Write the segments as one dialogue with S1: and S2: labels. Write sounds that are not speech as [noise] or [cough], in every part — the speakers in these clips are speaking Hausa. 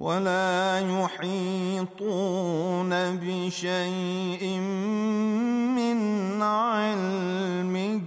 S1: ولا يحيطون بشيء من علمه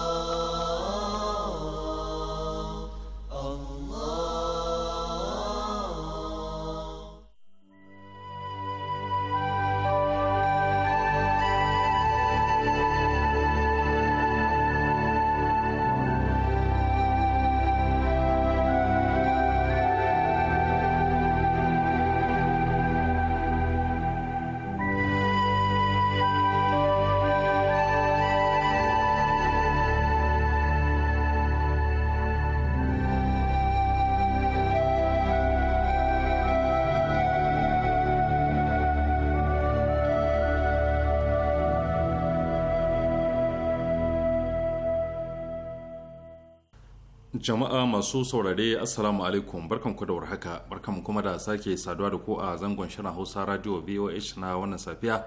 S2: Jama'a masu saurare Assalamu alaikum barkanku da warhaka barkanku kuma da sake saduwa da ku a zangon shirin Hausa Radio VOH na wannan safiya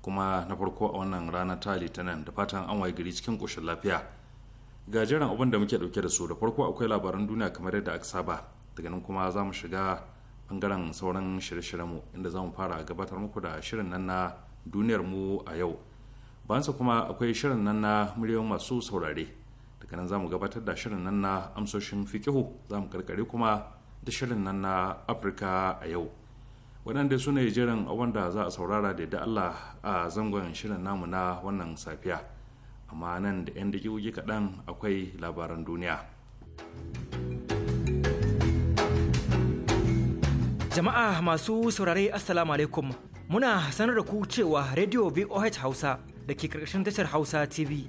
S2: kuma na farko a wannan rana ta Litinin da fatan an waye gari cikin koshin lafiya. Ga jiran abin da muke dauke da su da farko akwai labaran duniya kamar yadda aka saba daga nan kuma za mu shiga bangaren sauran shirye-shiryenmu inda za mu fara gabatar muku da shirin nan na duniyar mu a yau. Bayansa kuma akwai shirin nan na miliyoyin masu saurare daga nan za mu gabatar da shirin nan na amsoshin fikihu za mu karkare kuma da shirin nan na afirka a yau waɗanda su ne jiran abin da za a saurara da yadda allah a zangon shirin namu na wannan safiya amma nan da 'yan dakigogi kaɗan akwai labaran duniya
S3: jama'a masu saurare assalamu alaikum muna sanar da ku cewa radio voh hausa da ke karkashin tashar hausa tv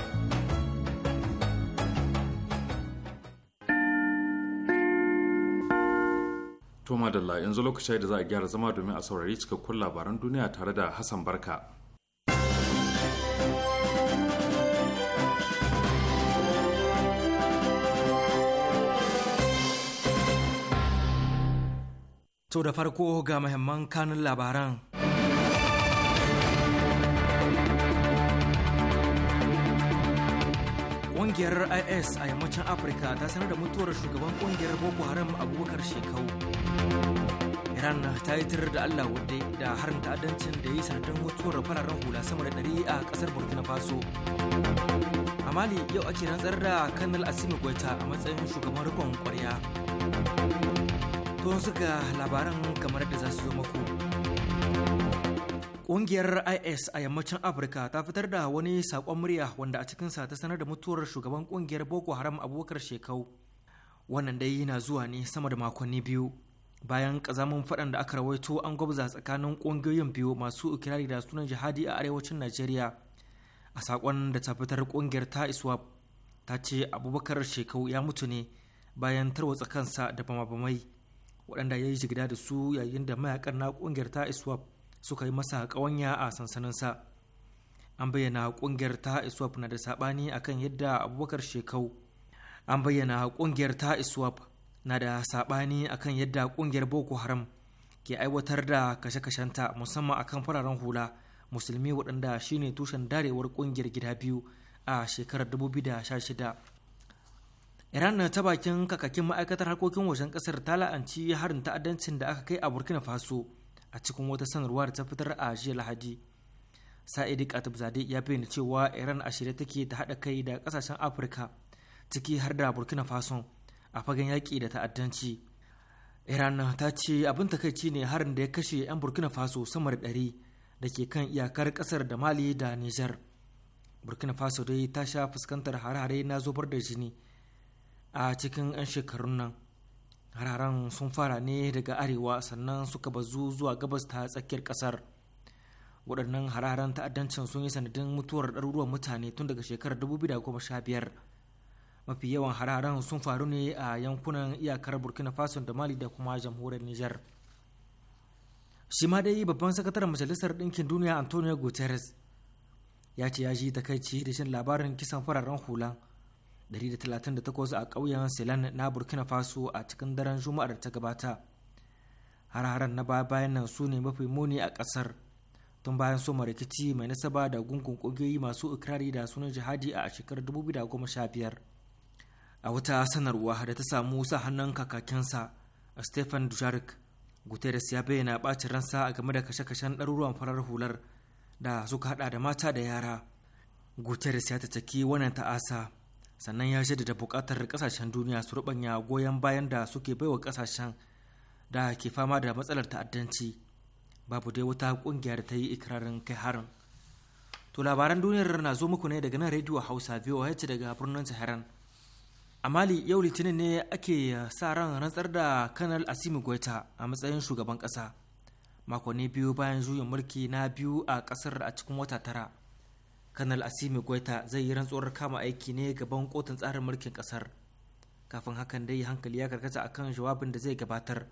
S2: To Dalla yanzu lokaci da za a gyara zama domin a saurari cikakkun labaran duniya tare da Hassan Barka.
S3: To da farko ga muhimman kanun labaran. Ƙungiyar IS a yammacin Afirka ta sanar da mutuwar shugaban ƙungiyar Boko Haram Abubakar Shekau. Iran ta yi tirar da Allah wadda da harin ta'addancin da ya yi sanadin mutuwar fararen hula sama da ɗari a ƙasar Burkina Faso. A Mali yau ake rantsar da Kanal Asimi Goita a matsayin shugaban rikon ƙwarya. To suka labaran kamar da za su zo mako. Ƙungiyar IS a yammacin Afirka ta fitar da wani saƙon murya wanda a cikinsa ta sanar da mutuwar shugaban ƙungiyar Boko Haram abubakar shekau. Wannan dai yana zuwa ne sama da makonni biyu. Bayan ƙazamin faɗan da aka rawaito an gwabza tsakanin ƙungiyoyin biyu masu ikirari da sunan jihadi a arewacin Najeriya. A saƙon da ta fitar ƙungiyar ta ISWAP ta ce abubakar shekau ya mutu ne bayan tarwatsa kansa da bama-bamai waɗanda ya yi jigida da su yayin da mayakan na ƙungiyar ta ISWAP suka yi masa ƙawanya a sansaninsa an bayyana ƙungiyar ta iswap na da saɓani akan yadda abubakar shekau an bayyana ƙungiyar ta iswap na da saɓani akan yadda ƙungiyar boko haram ke aiwatar da kashe-kashenta musamman akan fararen hula musulmi waɗanda shine tushen darewar ƙungiyar gida biyu a shekarar 2016 iran na ta bakin kakakin ma'aikatar harkokin wajen ƙasar ta la'anci harin ta'addancin da aka kai a burkina faso a cikin wata sanarwa da ta fitar a jiya lahadi sa'idi katibzade ya bayyana cewa iran a shirye take ta haɗa kai da ƙasashen afirka ciki har da burkina faso a fagen yaƙi da ta'addanci iran ta ce abin takaici ne harin da ya kashe 'yan burkina faso sama da ɗari da ke kan iyakar ƙasar da mali da nijar burkina faso dai ta sha fuskantar hare-hare na zubar da jini a cikin 'yan shekarun nan hararan sun fara ne daga arewa sannan suka bazu zuwa gabas ta tsakiyar kasar waɗannan hararan ta'addancin sun yi sanadin mutuwar ɗaruruwan mutane tun daga shekarar 2015 mafi yawan hararan sun faru ne a yankunan iyakar burkina faso da mali da kuma jamhuriyar niger shi ma dai babban sakataren majalisar ɗinkin duniya antonio guterres ya ce ya ji takaici da shin labarin kisan fararen hula 138 a ƙauyen Silan na Burkina Faso a cikin daren Juma'ar ta gabata. Har-haren na baya-bayan nan su ne mafi muni a ƙasar tun bayan soma rikici mai nasaba da gungun ƙungiyoyi masu ikirari da sunan jihadi a shekarar 2015. A wata sanarwa da ta samu sa hannun kakakinsa Stephen Dujaric, Guterres ya bayyana ɓacin ransa a game da kashe-kashen ɗaruruwan farar hular da suka hada da mata da yara. Guterres ya ta wannan ta'asa sannan ya da buƙatar kasashen duniya su rubanya goyon bayan da suke baiwa kasashen da ke fama da matsalar ta'addanci babu dai wata ƙungiyar da ta yi ikirarin kai harin to labaran duniyar na zo muku ne daga nan rediyo hausa biyu voh daga birnin tsaharan a mali yau litinin ne ake sa ran rantsar da kanal asimi goita a matsayin shugaban ƙasa makonni biyu bayan juyin mulki na biyu a kasar a cikin wata tara kanal asimi goita zai yi rantsuwar kama aiki ne gaban kotun tsarin mulkin kasar kafin hakan dai hankali ya karkata kan jawabin da zai gabatar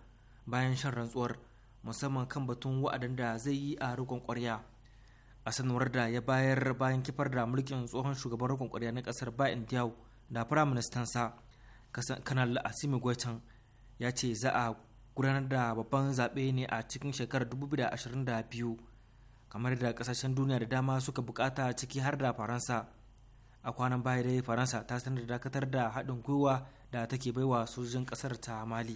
S3: bayan shan rantsuwar musamman kan batun wa'adin da zai yi a rikon kwarya a sanuwar da ya bayar bayan kifar da mulkin tsohon shugaban rikon kwarya na kasar ba indiyau da firaministan sa kanal asimi goitan ya ce za a gudanar da babban zaɓe ne a cikin shekarar 2022 kamar da kasashen duniya da dama suka bukata ciki har da faransa a kwanan baya dai faransa ta sanar da dakatar da haɗin gwiwa da take baiwa sojojin ƙasar ta mali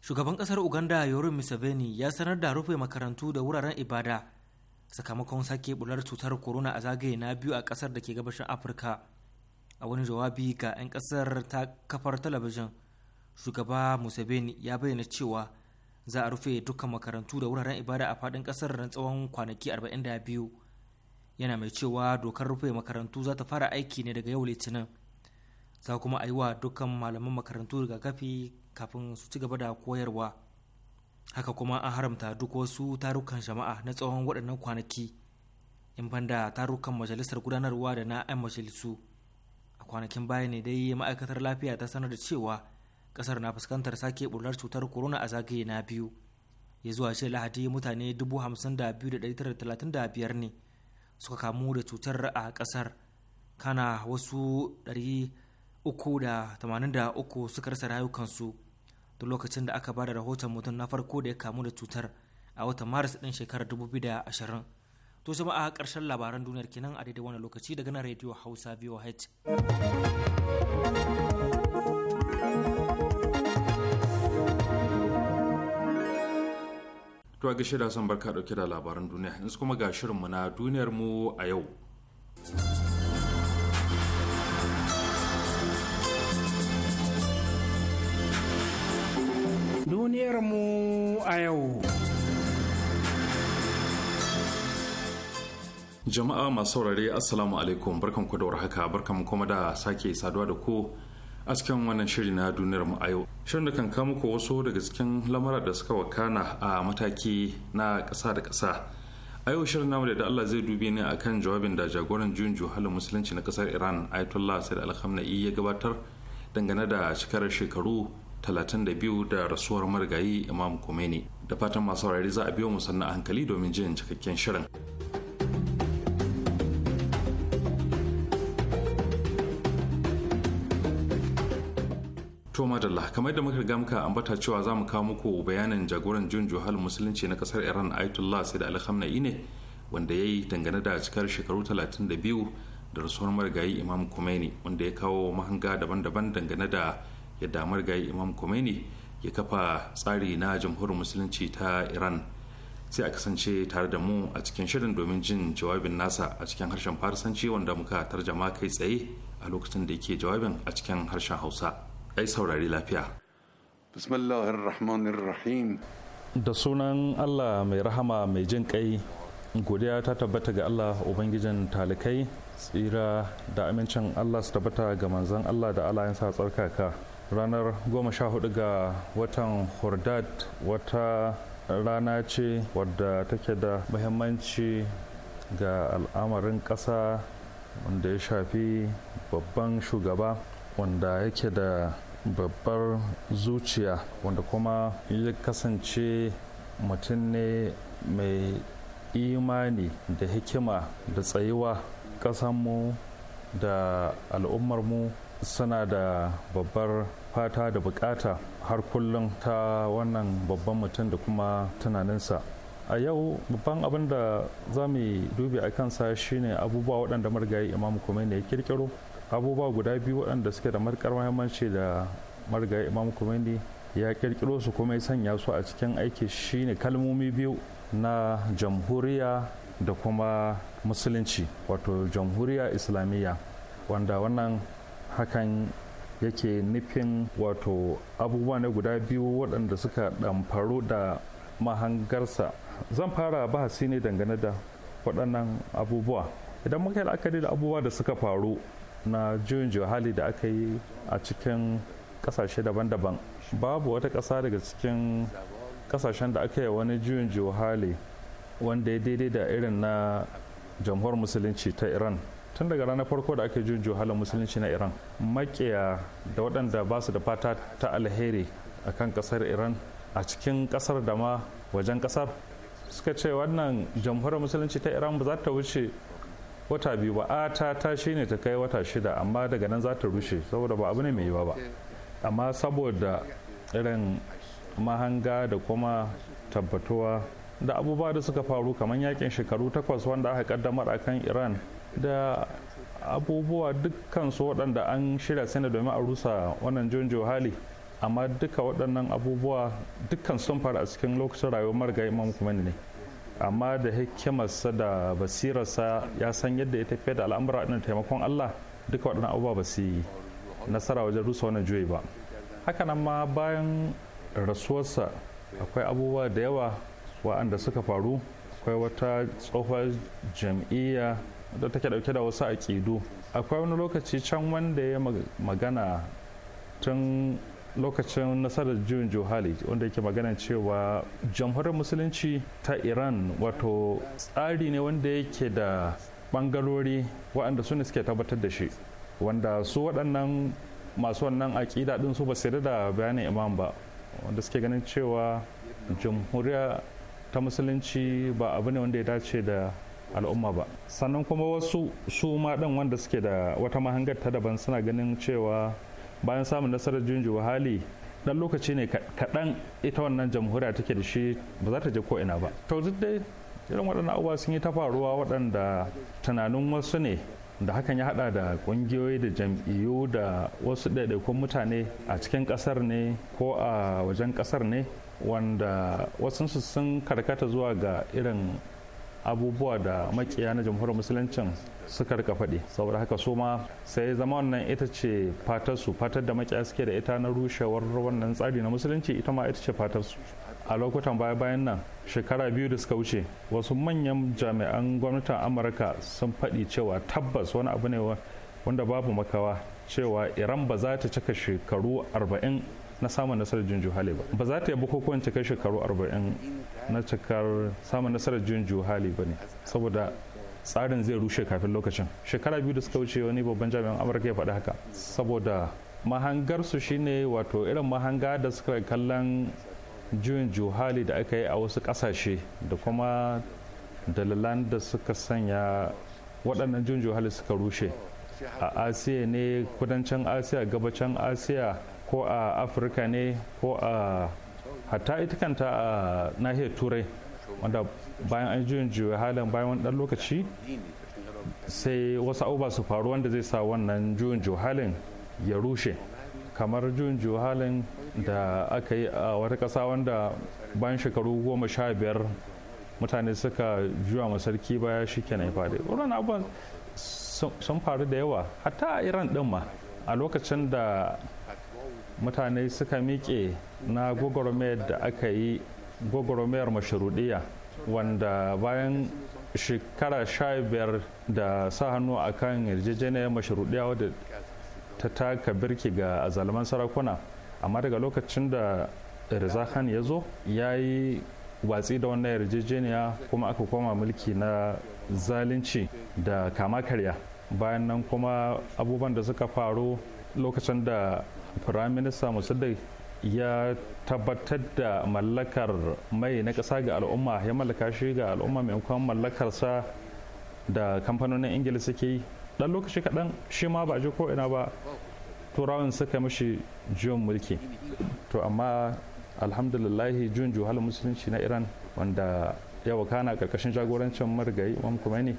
S3: shugaban ƙasar uganda yorin museveni ya sanar da rufe makarantu da wuraren ibada sakamakon sake bular cutar corona a zagaye na biyu a ƙasar da ke gabashin afirka a wani jawabi ga 'yan ƙasar ta kafar talabijin shugaba museveni ya bayyana cewa za a rufe dukkan makarantu da wuraren ibada a faɗin ƙasar ran tsawon kwanaki 42 yana mai cewa dokar rufe makarantu za ta fara aiki ne daga yau litinin za kuma a yi wa dukkan malaman makarantu daga kafi kafin su ci gaba da koyarwa haka kuma an haramta duk wasu tarukan jama'a na tsawon waɗannan kwanaki in banda tarukan majalisar gudanarwa da na 'yan majalisu a kwanakin baya ne dai ma'aikatar lafiya ta sanar da cewa kasar na fuskantar sake bular cutar corona a zagaye na biyu ya zuwa shi lahadi mutane 52,935 ne suka kamu da cutar a kasar kana wasu 383 suka rasa rayukansu duk lokacin da aka bada rahoton mutum na farko da ya kamu da cutar a watan maris din shekarar 2020 to jama'a karshen labaran duniyar kenan a daidai wani lokaci daga nan radio hausa voh
S2: To ga shida son barka dauke da labaran duniya yanzu kuma ga shirinmu na duniyar mu a yau.
S4: Duniyar mu a yau.
S2: Jama'a masu saurare Assalamu alaikum barkanku da warhaka barkanku kuma da sake saduwa da ku a cikin wannan shiri na duniyar mu a yau shirin da kan kama ko wasu daga cikin lamura da suka wakana a mataki na ƙasa da ƙasa a yau shirin namu da Allah zai dubi ne akan jawabin da jagoran juyin juhalin musulunci na ƙasar Iran Ayatollah Said Al-Khamenei ya gabatar dangane da shekarar shekaru 32 da rasuwar marigayi Imam Khomeini da fatan masu za a biyo mu sannan hankali domin jin cikakken shirin. To madalla kamar da muka riga muka ambata cewa za mu kawo muku bayanin jagoran jun juhal musulunci na kasar Iran Ayatollah Said Ali Khamenei ne wanda ya yi dangane da cikar shekaru 32 da rasuwar marigayi Imam Khomeini wanda ya kawo mahanga daban-daban dangane da yadda marigayi Imam Khomeini ya kafa tsari na jamhuriyar musulunci ta Iran. Sai a kasance tare da mu a cikin shirin domin jin jawabin nasa a cikin harshen Farsanci wanda muka tarjama kai tsaye a lokacin da yake jawabin a cikin harshen Hausa. ai saurari lafiya
S5: bismillahirrahmanirrahim da
S2: sunan allah mai rahama mai jin kai godiya ta tabbata ga allah ubangijin talikai tsira da amincin allah su tabbata ga manzan allah da allah sa tsarkaka ranar goma sha hudu ga watan hordad wata rana ce wadda take da muhimmanci ga al'amarin ƙasa wanda ya shafi babban shugaba wanda yake da babbar zuciya wanda kuma ya kasance mutum ne mai imani da hikima da tsayuwa ƙasanmu da al'ummarmu suna da babbar fata da bukata har kullum ta wannan babban mutum da kuma tunaninsa a yau babban abin da za mu dubi a kansa shine abubuwa waɗanda marigayi imam ne ya kirkiro abubuwa guda biyu waɗanda suke da matuƙar muhimmanci da marga imam kumeni ya ƙirƙiro su kuma ya sanya su a cikin aiki shine kalmomi biyu na jamhuriya da kuma musulunci wato jamhuriya islamiyya wanda wannan hakan yake nufin wato abubuwa ne guda biyu waɗanda suka faru da mahangarsa zan fara bahasi ne dangane da waɗannan abubuwa idan muka yi la'akari da abubuwa da suka faru na juyin hali da aka yi a cikin kasashe daban-daban babu wata ƙasa daga cikin kasashen da aka yi wani juyin hali wanda ya daidai da irin na jamhuriyar musulunci ta iran tun daga ranar farko da aka juyin halin musulunci na iran makiya da waɗanda ba su da fata ta alheri a kan ƙasar iran a cikin ƙasar da ma wajen ƙasar suka ce wannan jamhuriyar musulunci ta iran ba za ta wuce wata biyu ba a ta ta shine ta kai wata shida amma daga nan za ta rushe saboda ba abu ne mai yiwa ba amma saboda irin mahanga da kuma tabbatuwa da abubuwa da suka faru kamar yakin shekaru takwas wanda aka kaddamar a kan iran da abubuwa dukkan su waɗanda an shirya sani domin a rusa wannan john hali amma duka waɗannan abubuwa dukkan sun faru a cikin lokacin rayuwar marigayi imam ne amma da hikimarsa da basirarsa ya san yadda ya tafiya da al'amura ɗin taimakon allah duka waɗannan abubuwa ba su yi nasara wajen rusa wani juyi ba hakanan ma bayan rasuwarsa akwai abubuwa da yawa wa'anda suka faru akwai wata tsohuwar jam'iyya da take dauke da wasu aƙidu akwai wani lokaci can wanda ya magana tun lokacin nasarar juyin johali wanda yake magana cewa jamhuriyar musulunci ta iran wato tsari ne wanda yake da bangarori waɗanda su ne suke tabbatar da shi wanda su waɗannan masu wannan aƙida ɗin su ba su da bayanin imam ba wanda suke ganin cewa jamhuriya ta musulunci ba abu ne wanda ya dace da al'umma ba sannan kuma wasu su ma ɗin wanda suke da wata mahangar ta daban suna ganin cewa bayan samun nasarar junji hali dan lokaci ne kaɗan ita wannan jamhuriya take da shi ba za ta je ko'ina ba to duk dai irin waɗannan abubuwa sun yi ta faruwa waɗanda tunanin wasu ne da hakan ya hada da ƙungiyoyi da jam'iyyu da wasu ɗaiɗaikun mutane a cikin ƙasar ne ko a wajen ƙasar ne wanda wasu sun karkata zuwa ga irin abubuwa da makiya na jamhuriyar musuluncin suka rika faɗi saboda haka su ma sai zama wannan ita ce fatar su fatar da makiya suke da ita na rushewar wannan tsari na musulunci ita ma ita ce fatar su a lokutan baya bayan nan shekara biyu da suka wuce wasu manyan jami'an gwamnatin amurka sun faɗi cewa tabbas wani abu ne wanda babu makawa cewa iran ba za ta cika shekaru 40 na samun nasarar junju hali ba ba za ta yi bukukuwan cika shekaru 40 na cikar samun nasarar juyin juhali ba ne saboda tsarin zai rushe kafin lokacin shekara biyu da suka wuce wani babban jami'an amurka ya faɗi haka saboda mahangarsu shine wato irin mahanga da suka kallon juyin juhali da aka yi a wasu kasashe da kuma dalilan da suka sanya waɗannan juyin juhali suka rushe a asiya ne kudancin asiya gabacin asiya ko a afirka ne ko a hatta ita kanta a nahiyar turai wanda bayan an juyin juya halin bayan wani dan lokaci sai wasu abubuwa su faru wanda zai sa wannan juyin juya halin ya rushe kamar juyin juya halin da aka yi a wata ƙasa wanda bayan shekaru goma sha biyar mutane suka juya ma sarki baya shi nan faɗi wannan abubuwan sun faru da yawa hatta a iran ɗin ma a lokacin da mutane suka miƙe na gwagwarmayar da aka yi gwagwarmayar masharuɗiya wanda bayan shekara sha biyar da sa hannu a kan yarjejeniyar masharuɗiya wadda ta taka birki ga azalman sarakuna amma daga lokacin da Reza Khan ya zo ya yi watsi da wannan yarjejeniya kuma aka koma mulki na zalunci da kama karya bayan nan kuma abubuwan da suka faru lokacin da firaminista musadai ya tabbatar da mallakar mai na ƙasa ga al'umma ya mallaka shi ga al'umma maimakon mallakarsa da kamfanonin ingila suke yi ɗan lokaci kaɗan shi ma ba ji ko ina ba turawan suka mishi juyin mulki to amma alhamdulillahi juyin juhal musulunci na iran wanda ya wakana karkashin jagorancin marigayi kuma ne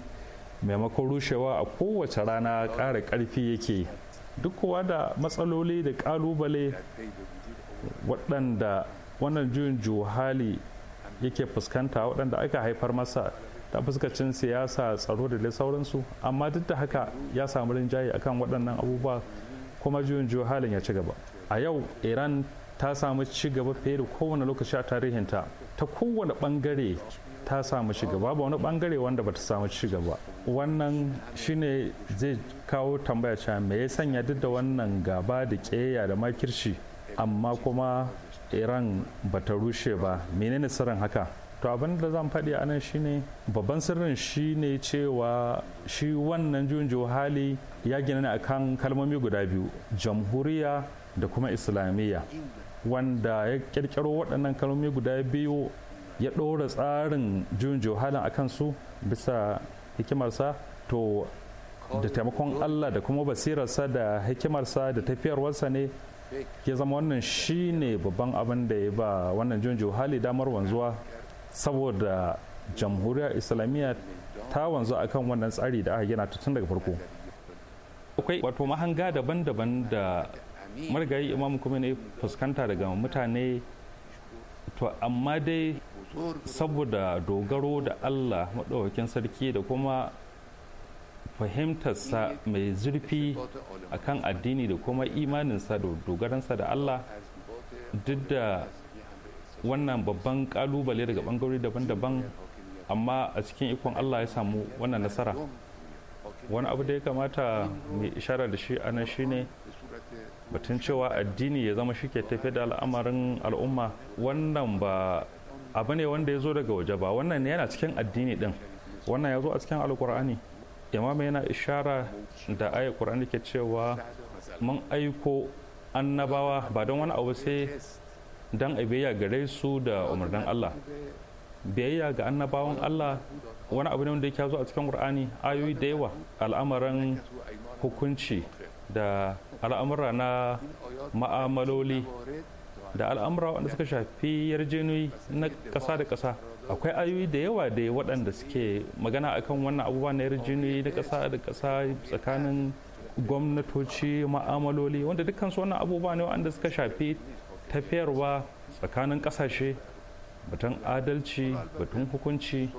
S2: maimakon rushewa a kowace rana ƙara ƙarfi yake duk kowa da matsaloli da kalubale waɗanda wannan juyin juhali yake fuskanta waɗanda aka haifar masa ta fuskacin siyasa tsaro da dai sauransu amma duk da haka ya samu rinjaye akan waɗannan abubuwa kuma juyin halin ya ci gaba a yau iran ta samu ci gaba fiye da kowane lokaci a tarihinta ta kowane ɓangare ta samu shigaba babu wani bangare wanda bata samu ci gaba wannan shine zai kawo tambaya cewa me ya sanya duk da wannan gaba da keya da makirci amma kuma iran bata rushe ba menene sirrin haka to abin da zan faɗi a nan shine babban sirrin shine cewa shi wannan junjo hali ya gina ne akan kalmomi guda biyu jamhuriya da kuma islamiyya wanda ya kirkiro waɗannan kalmomi guda biyu ya ɗora tsarin juyin johalin a kansu bisa hikimarsa to da taimakon allah da kuma basirarsa da hikimarsa da tafiyarwarsa ne ya zama wannan shi ne babban abin da ya ba wannan juyin johali damar wanzuwa saboda jamhuriyar islamiyya ta wanzu akan wannan tsari da aka gina tun daga farko akwai wato mahanga daban-daban da marigayi imam kuma ne fuskanta daga mutane to amma dai saboda dogaro da allah maɗaukakin sarki da kuma fahimtarsa mai zurfi akan addini da kuma imaninsa da dogaransa da allah duk da wannan babban kalubale daga bangarori daban-daban amma a cikin ikon allah ya samu wannan nasara wani abu da ya kamata mai ishara da shi anan shine batun cewa addini ya zama shi ke tafi da al'amarin al'umma wannan ba abu ne wanda ya zo daga waje ba wannan yana cikin addini din wannan ya zo a cikin alkur'ani imama yana ishara da ayat qur'ani ke cewa mun aiko annabawa ba don wani abu sai don a biyayya gare su da umarnin Allah biyayya ga annabawan Allah wani abu ne wanda yake zo a cikin Qur'ani ayoyi da yawa al'amarin hukunci da al'amura na ma'amaloli da al'amura wanda suka shafi yarjejeniyoyi na ƙasa da ƙasa akwai ayoyi da yawa da waɗanda suke magana akan wannan abubuwa na yarjejeniyoyi na ƙasa da ƙasa tsakanin gwamnatoci ma'amaloli wanda dukkan su wannan abubuwa ne waɗanda suka shafi tafiyarwa tsakanin ƙasashe batun adalci batun hukunci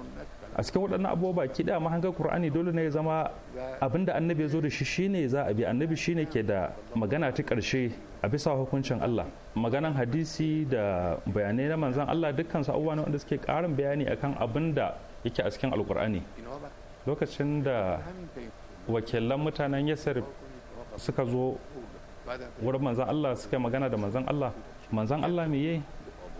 S2: a cikin waɗannan abubuwa baki ɗaya mahangar kur'ani dole ne ya zama abin da annabi ya zo da shi shine za a bi annabi shine ke da magana ta ƙarshe a bisa hukuncin Allah maganan hadisi da bayanai na manzan Allah dukkan su abubuwa wanda suke karin bayani akan abin da yake a cikin alkur'ani lokacin da wakilan mutanen yasar suka zo wurin manzan Allah suka magana da manzan Allah manzan Allah meye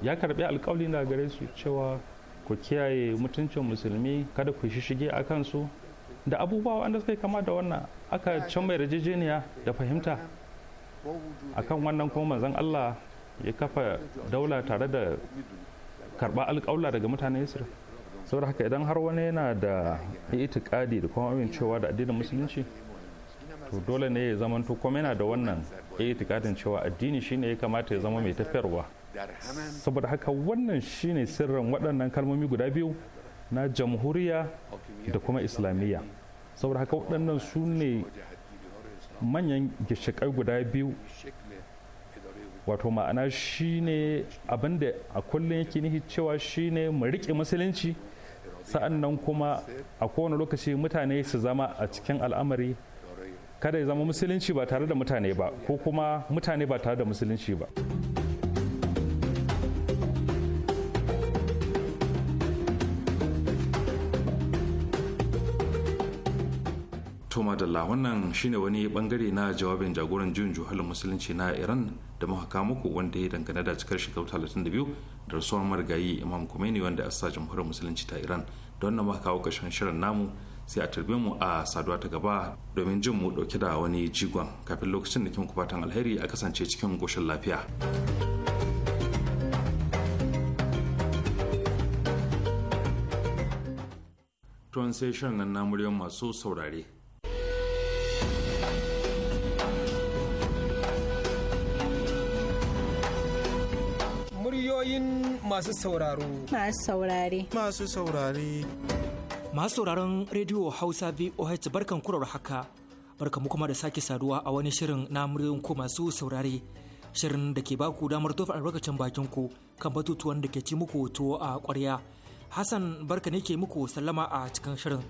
S2: ya karbi alkawali daga gare su cewa ku kiyaye mutuncin musulmi kada ku shishige a kansu da abubuwa wanda suka kama da wannan aka can mai yarjejeniya da fahimta akan wannan kuma manzon Allah ya kafa daula tare da karba alƙawla daga mutanen Yasir saboda haka idan har wani yana da itikadi da kuma amincewa da addinin musulunci to dole ne ya zamanto kuma yana da wannan itikadin cewa addini shine ya kamata ya zama mai tafiyarwa saboda haka wannan shine sirrin waɗannan kalmomi guda biyu na jamhuriya da kuma islamiyya saboda haka waɗannan su ne manyan gishikai guda biyu wato ma'ana shine abinda a kullum yake nihi cewa shine mu riƙe musulunci sa'an nan kuma a kowane lokaci mutane su zama a cikin al'amari kada ya zama musulunci ba tare da mutane ba ko kuma mutane ba tare da musulunci ba. madalla wannan shine wani bangare na jawabin jagoran juyin juhalin musulunci na iran da muka muku wanda ya dangane da cikar shekaru 32 da rasuwar marigayi imam kumeni wanda a sa jamhuriyar musulunci ta iran da wannan muka kawo ƙarshen shirin namu sai a tarbe mu a saduwa ta gaba domin jin mu dauke da wani jigon kafin lokacin da kin fatan alheri a kasance cikin goshin lafiya. Tuwon sai shirin nan na muryar masu saurare
S3: masu sauraro.
S6: Masu saurare.
S3: Masu saurare. Masu sauraron rediyo Hausa VOH barkan kurar haka. Barka kuma da sake saduwa a wani shirin na muryoyin ko masu saurare. Shirin da ke baku damar tofa albarkacin bakin ku kan batutuwan da ke ci muku tuwo a kwarya Hassan barka ne ke muku sallama a cikin shirin.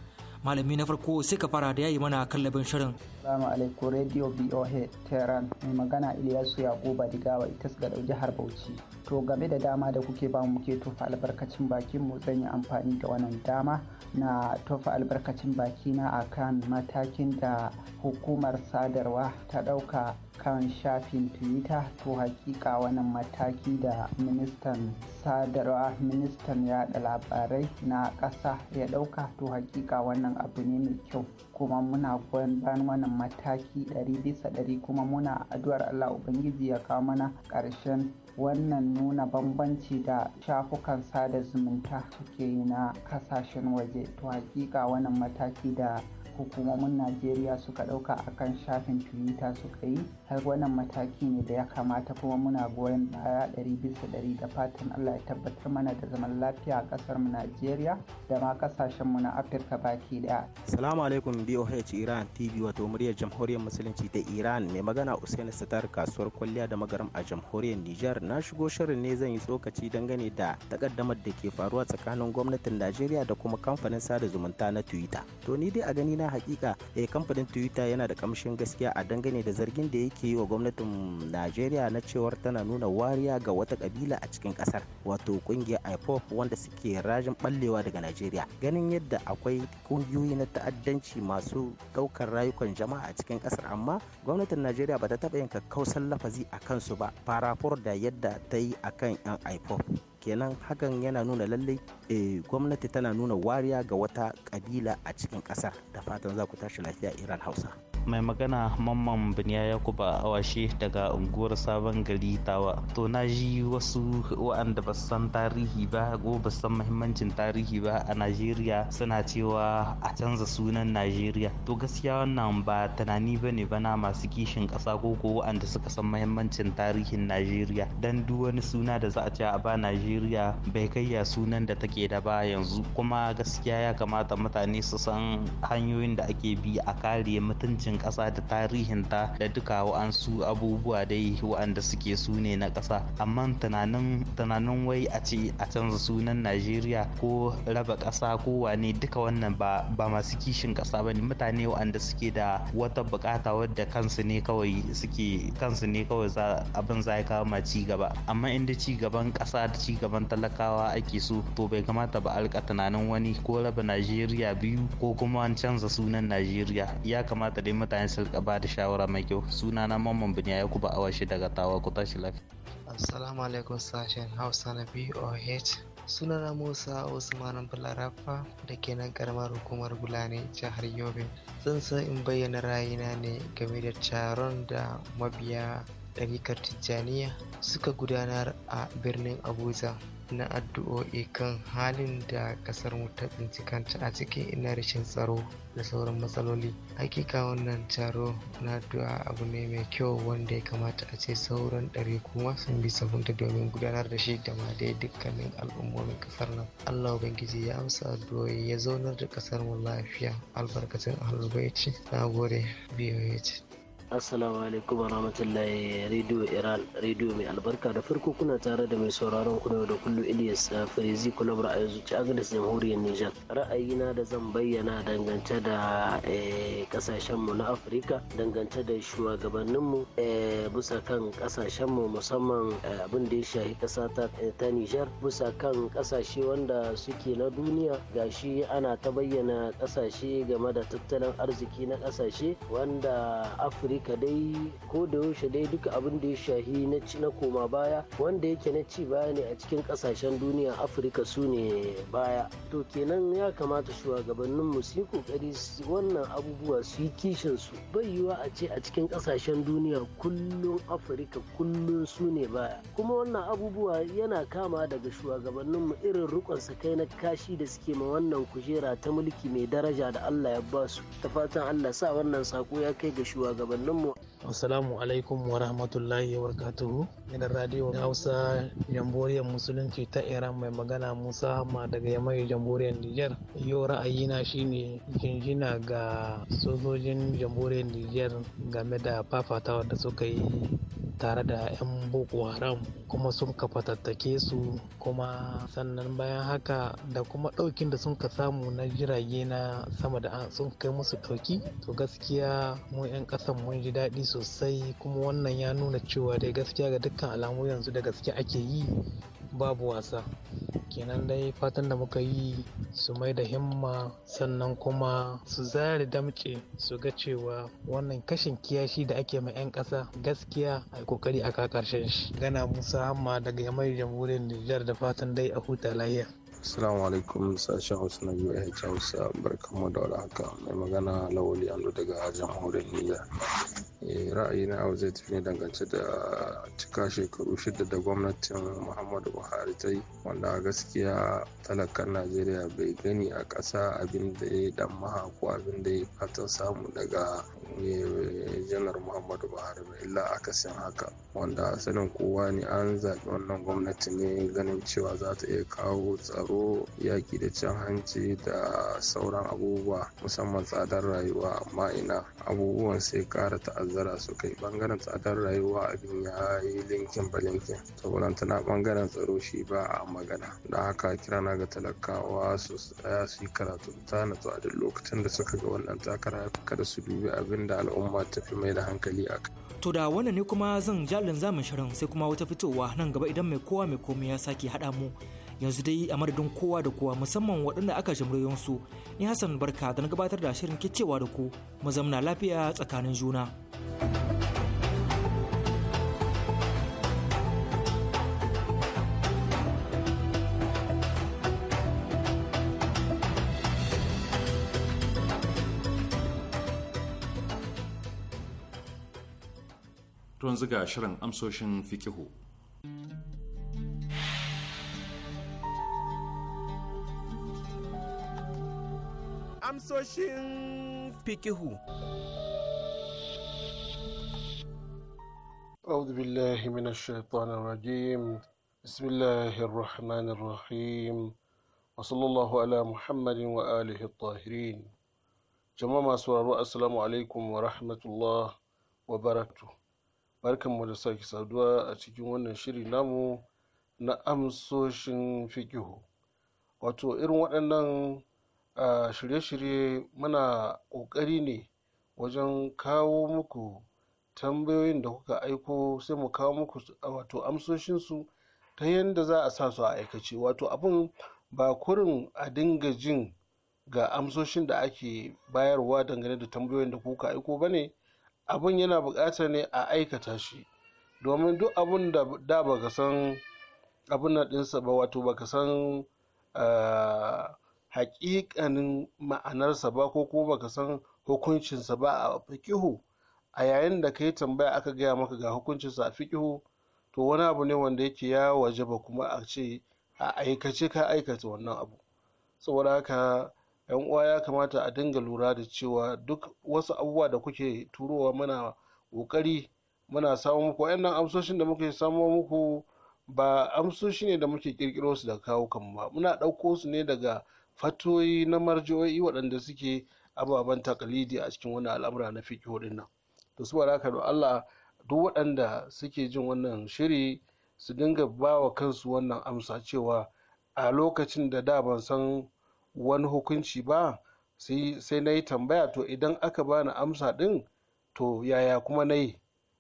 S3: malami na farko sai ka fara da yayi mana kallabin shirin
S7: Assalamu alaikum Radio BOH Tehran mai magana Ilyasu Yakuba Digawa ita ga jihar Bauchi to game da dama da kuke ba mu ke tofa albarkacin bakin mu zan yi amfani da wannan dama na tofa albarkacin baki na akan matakin da hukumar sadarwa ta dauka kan shafin twitter to hakika wannan mataki da ministan sadarwa ministan yada labarai na ƙasa ya ɗauka to hakika wannan abu ne mai kyau kuma muna goyon bayan wannan mataki ɗari bisa kuma muna addu'ar allah ubangiji ya kawo mana ƙarshen wannan nuna bambanci da shafukan sada zumunta suke yi na kasashen waje to hakika wannan mataki da hukumomin najeriya suka ɗauka a kan shafin twitter suka yi har wannan mataki ne da ya kamata kuma muna goyon baya ɗari bisa ɗari da fatan allah ya tabbatar mana da zaman lafiya a ƙasar mu najeriya da ma ƙasashen mu na afirka baki ɗaya.
S4: salamu alaikum boh iran tv wato muryar jamhuriyar musulunci da iran mai magana usaini sitar kasuwar kwalliya da magaram a jamhuriyar nijar na shigo shirin ne zan yi tsokaci dangane da takaddamar da ke faruwa tsakanin gwamnatin najeriya da kuma kamfanin sada zumunta na twitter to ni dai a gani na bayan hakika eh, kamfanin twitter yana da kamshin gaskiya a dangane da zargin da yake yi wa gwamnatin najeriya na cewar tana nuna wariya ga wata kabila a cikin kasar wato kungiyar ipop wanda suke rajin ballewa daga najeriya ganin yadda akwai kungiyoyi na ta'addanci masu daukar rayukan jama'a a cikin kasar amma gwamnatin najeriya bata ta taba yin kakkausan lafazi a kansu ba farafor da yadda ta yi akan yan ipop kenan hakan yana nuna lallai e, gwamnati tana nuna wariya ga wata kabila a cikin kasar da fatan za ku tashi lafiya iran hausa mai magana mamman biniya yakuba awashe daga unguwar sabon gari tawa to na ji wasu wa'anda ba san tarihi ba ko ba san mahimmancin tarihi ba a najeriya suna cewa a canza sunan najeriya to gaskiya wannan ba tunani ba ne bana masu kishin ƙasa ko ko wa'anda suka san mahimmancin tarihin najeriya dan duk wani suna da za a ce a ba najeriya bai kai ya sunan da take da ba yanzu kuma gaskiya ya kamata mutane su san hanyoyin da ake bi a kare mutuncin ƙasa da ta da duka wa'ansu abubuwa dai wa'anda suke su ne na ƙasa amma tunanin wai a ce a canza sunan najeriya ko raba ƙasa ko wane duka wannan ba masu kishin ƙasa ba mutane wa'anda suke da wata buƙata wadda kansu ne kawai suke kansu ne kawai abin za ya kawo ma ci gaba amma inda ci gaban ƙasa da ci gaban talakawa ake so to bai kamata ba alka tunanin wani ko raba najeriya biyu ko kuma canza sunan najeriya ya kamata dai mutane su ba da shawara mai kyau sunana mamman bin ya kuba shi daga tawa ku tashi lafiya
S7: assalamu alaikum sashen hausa na boh sunana musa usman balarafa da ke nan karamar hukumar bulani jihar yobe zan san in bayyana rayina ne game da taron da mabiya ɗarikar tijjaniya suka gudanar a birnin abuja na addu'o'i kan halin da kasar mu ta tsinci a cikin na rashin tsaro da sauran matsaloli hakika wannan taro na addu'a abu ne mai kyau wanda ya kamata a ce sauran ɗari kuma sun bi sabunta domin gudanar da shi da ma dai dukkanin al'ummomin ƙasar nan allah ubangiji ya amsa addu'o'i ya zaunar da kasar mu lafiya albarkacin ahlul baiti na ya ce
S6: assalamu alaikum warahmatullahi radio iran radio mai albarka da farko kuna tare da mai sauraron ku da kullu ilyas Farizi kulab ra'ayi zuci agadas jamhuriyar nijar ra'ayina da zan bayyana dangance da kasashen eh, mu na afirka dangance da shugabannin mu eh, bisa kan kasashen mu musamman eh, abin da ya shahi kasa ta nijar bisa kan kasashe wanda suke na duniya gashi ana ta bayyana kasashe game da tattalin arziki na kasashe wanda afirka ka dai ko da yaushe dai duk abin da ya shahi na na koma baya wanda yake na ci baya ne a cikin kasashen duniya afirka su ne baya to kenan ya kamata shugabannin mu su kokari wannan abubuwa su yi kishin su bai yiwa a ce a cikin kasashen duniya kullum afirka kullun su ne baya kuma wannan abubuwa yana kama daga shugabannin mu irin rukon kai na kashi da suke ma wannan kujera ta mulki mai daraja da Allah ya ba su ta fatan Allah sa wannan sako ya kai ga shugabannin mu
S4: Assalamu alaikum wa rahmatullahi wa barakatuhu. ina radio Hausa Jamhuriyar Musulunci ta Iran mai magana Musa ma daga Yamai Jamhuriyar Nijar. Yau ra'ayina shine jinjina ga sojojin Jamhuriyar Nijar game da fafatawa da suka yi tare da 'yan boko haram kuma sun ka fatattake su kuma sannan bayan haka da kuma ɗaukin da sun ka samu na jirage na sama da sun kai musu ɗauki to gaskiya mu 'yan ƙasan mun ji daɗi sosai kuma wannan ya nuna cewa dai gaskiya ga dukkan alamu yanzu da gaske ake yi babu wasa kenan dai fatan da muka yi su mai da himma sannan kuma su zare damce su ga cewa wannan kashin kiyashi da ake ma 'yan ƙasa gaskiya a kokari a karshen shi gana musa hamma daga yamai jamhuriyar nijar da fatan dai a huta lahiya
S8: Assalamu alaikum sashen Hausa na UH Hausa mu da haka mai magana Lawali Ando daga jamhuriyar eh, ra'ayi na yau zai tafi ne dangance da cika shekaru shida da gwamnatin Muhammadu Buhari ta yi wanda gaskiya Talakar najeriya bai gani a ƙasa abin da ya dan maha ko abin da ya fatan samu daga eh, janar muhammadu buhari ba illa akasin haka wanda asalin kowa ne an zaɓi wannan gwamnati ne ganin cewa za ta iya kawo tsaro yaƙi da cin hanci da sauran abubuwa musamman tsadar rayuwa amma ina abubuwan sai ƙara ta'azzara su kai ɓangaren tsadar rayuwa abin ya yi linkin ba linkin saboda tana ɓangaren tsaro shi ba a magana da haka kira na ga talakawa su tsaya su yi karatun ta natsu a duk lokacin da suka ga wannan takara kada su dubi abin da al'umma ta fi mai da hankali a kai.
S3: To da wannan ne kuma zan jalin zamin shirin sai kuma wata fitowa nan gaba idan mai kowa mai komai ya sake haɗa mu yanzu dai a madadin kowa da kowa musamman waɗanda aka jimriyon su ni Hassan Barka da na gabatar da shirin kicewa da ku mu zamna lafiya tsakanin juna.
S2: to yanzu ga shirin amsoshin fikihu.
S9: Amsoshin fikihu. أعوذ بالله من الشيطان الرجيم بسم الله الرحمن الرحيم وصلى الله على محمد وآله الطاهرين jama'a masu sauraro assalamu alaikum wa rahmatullah wa baratu barkanmu da sake saduwa a cikin wannan shiri namu na amsoshin fikihu wato irin waɗannan shirye-shirye muna ƙoƙari ne wajen kawo muku tambayoyin da kuka aiko sai mu kawo muku wato amsoshinsu ta yadda za a sa su a aikace wato abin ba kurin a dinga jin ga amsoshin da ake bayarwa dangane da tambayoyin da kuka aiko ba ne abun yana buƙatar ne a aikata shi domin duk abun da da baka san abin nan dinsa ba wato baka san ah, haƙiƙanin ma'anarsa ba ko kuma baka san hukuncinsa ba a fikihu a yayin da ka yi tambaya aka gaya maka ga hukuncinsa a fikihu to wani abu ne wanda yake ya waje ba kuma a ce a aikace ka aikata wannan abu saboda haka yan uwa ya kamata a dinga lura da cewa duk wasu abubuwa da kuke turowa muna kokari muna samu muku wayannan amsoshin da muke samun muku ba amsoshi ne da muke kirkiro su da kawo kan ba muna ɗauko su ne daga fatoyi na marjoyi waɗanda suke ababen takalidi a cikin wani al'amura na fiƙi din nan to su baraka da Allah duk waɗanda suke jin wannan shiri su dinga ba wa kansu wannan amsa cewa a lokacin da da ban san wani hukunci ba sai na yi tambaya to idan aka bani amsa din to yaya kuma na yi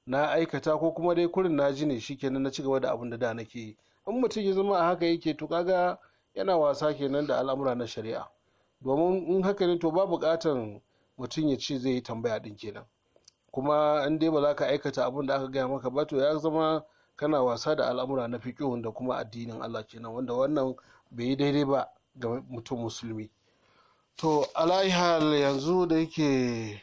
S9: na aikata ko kuma dai kurin na ji ne shi shikenan na cigaba da abin da da ke yi in mutum ya zama a haka yake to kaga yana wasa kenan da al'amura na shari'a domin in haka ne to ba bukatan mutum ya ce zai yi tambaya din kenan kuma in dai ba za ka aikata abin da aka gaya maka ba to ya zama kana wasa da al'amura na fiƙihun da kuma addinin Allah kenan wanda wannan bai yi daidai ba ga mutum musulmi to alaihal yanzu da yake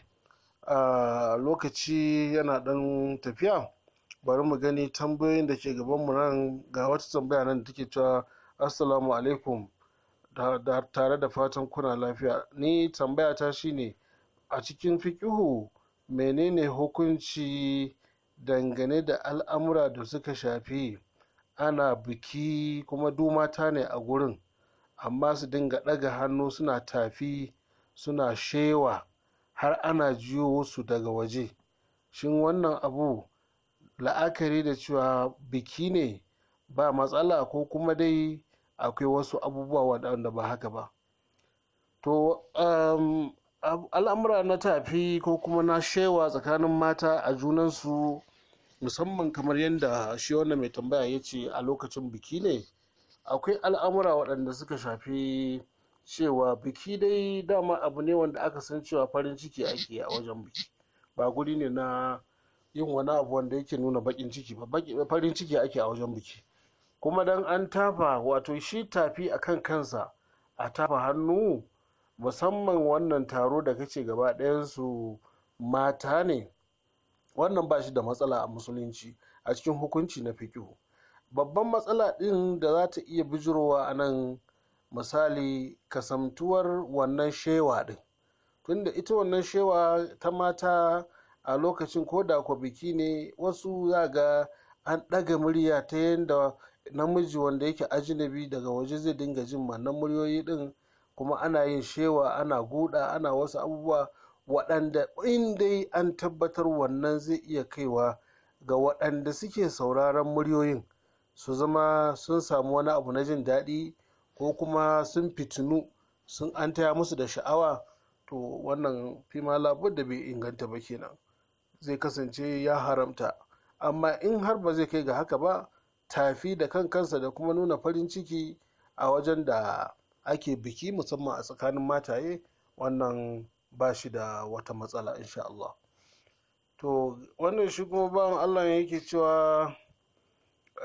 S9: a lokaci yana dan tafiya bari mu gani tambayoyin da ke gaban mu nan ga wata tambaya nan da take cewa assalamu alaikum da tare da fatan kuna lafiya ni tambaya ta shine a cikin fikihu menene hukunci dangane da al'amura da suka shafi ana biki kuma dumata ne a gurin amma su dinga ɗaga hannu suna tafi suna shewa har ana jiyo wasu daga waje shin wannan abu la'akari da cewa biki ne ba matsala ko kuma dai akwai wasu abubuwa waɗanda ba haka ba to um, al'amura na tafi ko kuma na shewa tsakanin mata a junansu musamman kamar yadda shi wannan mai tambaya ya ce a lokacin biki ne akwai al'amura waɗanda suka shafi cewa biki dai dama abu ne wanda aka san cewa farin ciki ake a wajen biki ba guri ne na yin wani abu wanda yake nuna bakin ciki ba farin ciki ake a wajen biki kuma dan an tafa wato shi tafi a kan kansa a tafa hannu musamman wannan taro da kace gaba ɗayansu mata ne wannan ba shi da matsala a musulunci a cikin hukunci na fikihu babban matsala ɗin da za ta iya bijirowa a nan misali kasamtuwar wannan shewa ɗin tunda ita wannan shewa ta mata a lokacin ko da kwa biki ne wasu za ga an ɗaga murya ta yadda namiji wanda yake ajinabi daga waje zai dinga jin wannan muryoyi din kuma ana yin shewa ana guda ana wasu abubuwa waɗanda in dai an tabbatar wannan zai iya kaiwa ga waɗanda suke sauraron muryoyin su zama sun samu wani abu na jin daɗi ko kuma sun fitinu sun an taya musu da sha'awa to wannan fima labar da bai inganta ba kenan zai kasance ya haramta amma in har ba zai kai ga haka ba tafi da kan kansa da kuma nuna farin ciki a wajen da ake biki musamman a tsakanin mataye wannan ba shi da wata matsala insha'Allah Allah to wannan shi kuma Allah yake cewa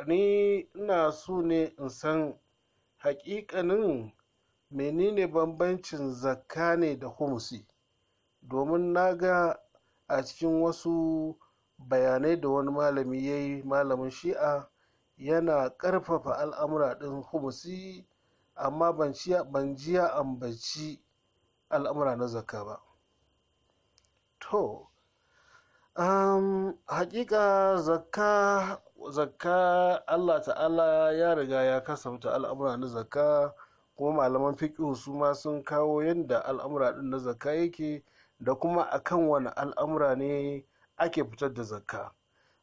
S9: ni ina so ne in san hakikanin menene bambancin zakka ne da humusi domin na ga a cikin wasu bayanai da wani malami ya yi malamin shi'a yana ƙarfafa al'amura ɗin humusi amma ban jiya ambaci al'amura na zakka ba to um, hakika zakka zakka Allah ta'ala ya riga ya kasauta al'amura na zakka kuma malaman fiƙihu su ma sun kawo yadda al'amura ɗin na zakka yake da kuma akan wani al'amura ne ake fitar da zakka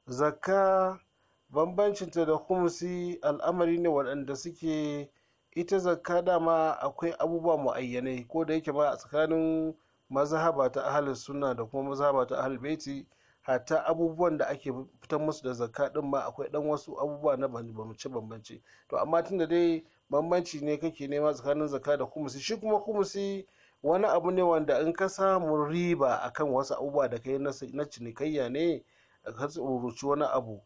S9: zakka bambancinta da kumsi al'amari ne waɗanda suke ita zakka dama akwai abubuwa mu'ayyanai ko da yake ba a tsakanin mazhaba ta ahalin suna da kuma mazhaba ta ahalin beti. hatta abubuwan da ake fitan musu da zakka din ma akwai dan wasu abubuwa na bambance bambance to amma tunda dai bambanci ne kake nema tsakanin zakka da kumusi shi kuma kumusi wani abu ne wanda in ka samu riba akan wasu abubuwa da kai na cinikayya ne ka tsoroci wani abu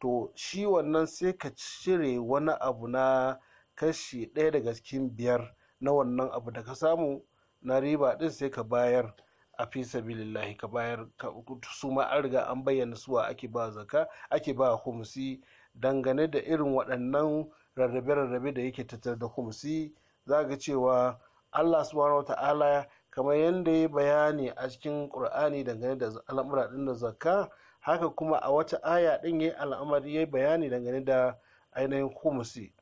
S9: to shi wannan sai ka cire wani abu na kashi ɗaya daga cikin biyar na wannan abu da ka samu na riba din sai ka bayar a fi sabilillahi ka bayar su ma an riga an bayyana suwa ake ba zaka ake ba humsi dangane da irin waɗannan rarrabe-rarrabe da yake tattar da humsi za ga cewa allah subhanahu ta'ala kamar yadda ya bayani a cikin ƙur'ani dangane da al'amura ɗin da zakka haka kuma a wata aya ɗin ya al'amari ya bayani dangane da ainihin humsi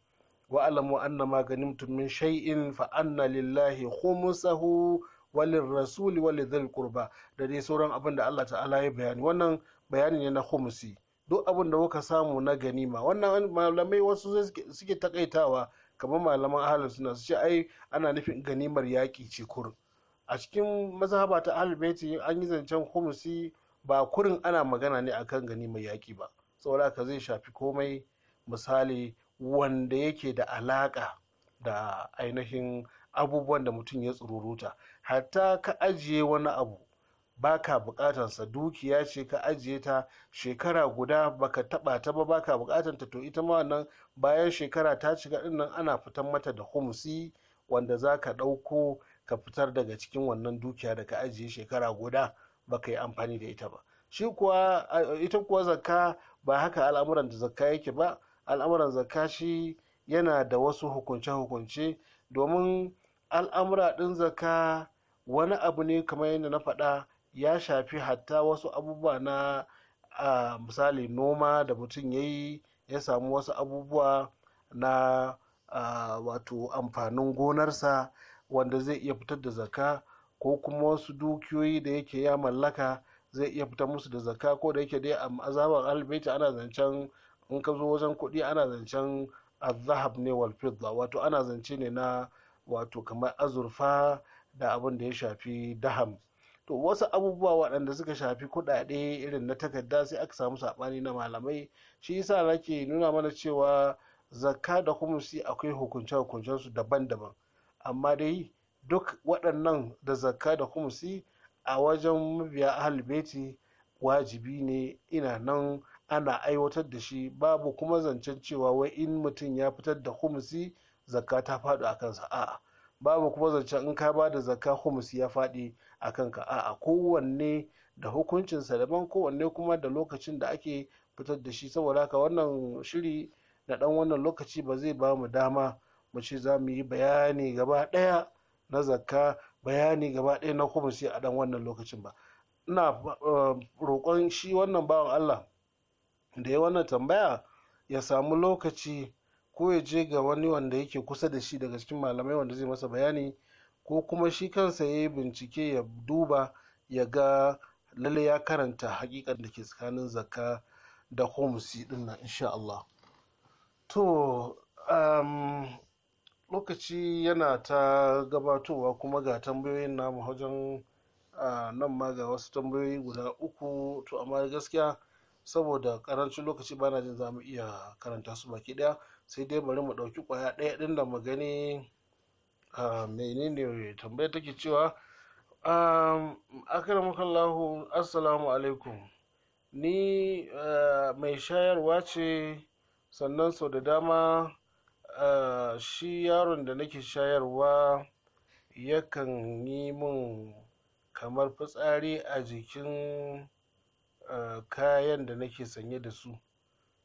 S9: wa'alamu annama ma ganimtum min shay'in fa anna lillahi khumsahu walin rasuli walin zil kurba da dai sauran abin da Allah ta'ala ya bayani wannan bayani ne na humusi duk abin da muka samu na ganima wannan malamai wasu suke takaitawa kamar malaman ahalin suna su ce ai ana nufin ganimar yaƙi ce kur a cikin mazhaba ta ahlul an yi zancen humusi ba kurin ana magana ne akan ganimar yaki ba saboda ka zai shafi komai misali wanda yake da alaka da ainihin abubuwan da mutum ya tsururuta hatta ka ajiye wani abu baka bukatansa dukiya ce ka ajiye ta shekara guda baka taba ta ba baka bukatanta to ita ma wannan bayan shekara ta shiga din nan ana fitan mata da humsi wanda za ka ɗauko ka fitar daga cikin wannan dukiya da ka ajiye shekara guda baka yi amfani da ita ba shi kuwa ita kuwa zakka ba haka al'amuran da zakka yake ba al'amuran zakka shi yana da wasu hukunce-hukunce domin al'amura ɗin zaka wani abu ne kamar yadda na faɗa ya shafi hatta wasu abubuwa na a misali noma da mutum ya yi ya samu wasu abubuwa na wato amfanin gonarsa wanda zai iya fitar da zaka ko kuma wasu dukiyoyi da yake ya mallaka zai iya fitar musu da zaka ko da yake dai a azaban albaiti ana zancen in ka zo wajen kuɗi ana zancen azahab ne wal wato ana zance ne na wato kamar azurfa da abin da ya shafi daham to wasu abubuwa waɗanda suka shafi kuɗaɗe irin na takarda sai aka samu saɓani na malamai shi yasa nake nuna mana cewa zakka da kumusi akwai hukunce hukuncen su daban-daban amma dai duk waɗannan da zakka da kumusi a wajen mabiya ahalbeti wajibi ne ina nan ana aiwatar da shi babu kuma zancen cewa wai in mutum ya fitar da kumusi. zakka ta faɗo a kansa a'a babu kuma zancen in ka ba da zakka humus ya faɗi a kanka a'a kowanne da hukuncinsa daban kowanne kuma da lokacin da ake fitar da shi saboda haka wannan shiri na ɗan wannan lokaci ba zai ba mu dama mu ce za mu yi bayani gaba ɗaya na zakka bayani gaba ɗaya na humus a dan wannan lokacin ba ina eh, roƙon shi wannan bawan allah da ya wannan tambaya ya samu lokaci ko ya je ga wani wanda yake kusa da shi daga cikin malamai wanda zai masa bayani ko kuma shi kansa ya yi bincike ya duba ya ga lalle ya karanta hakikar da ke tsakanin zakka da homsi din nan insha Allah to um, lokaci yana ta gabatowa kuma ga tambayoyin namu wajen uh, nan ma ga wasu tambayoyi guda uku to amma gaskiya saboda karancin lokaci bana jin za mu iya karanta su baki daya sai dai bari mu ɗauki kwaya ɗaya ɗin da mu gani menene tambaya take cewa kallahu assalamu alaikum ni mai shayarwa ce sannan sau da dama shi yaron da nake shayarwa yakan yi min kamar fitsari a jikin kayan da nake sanye da su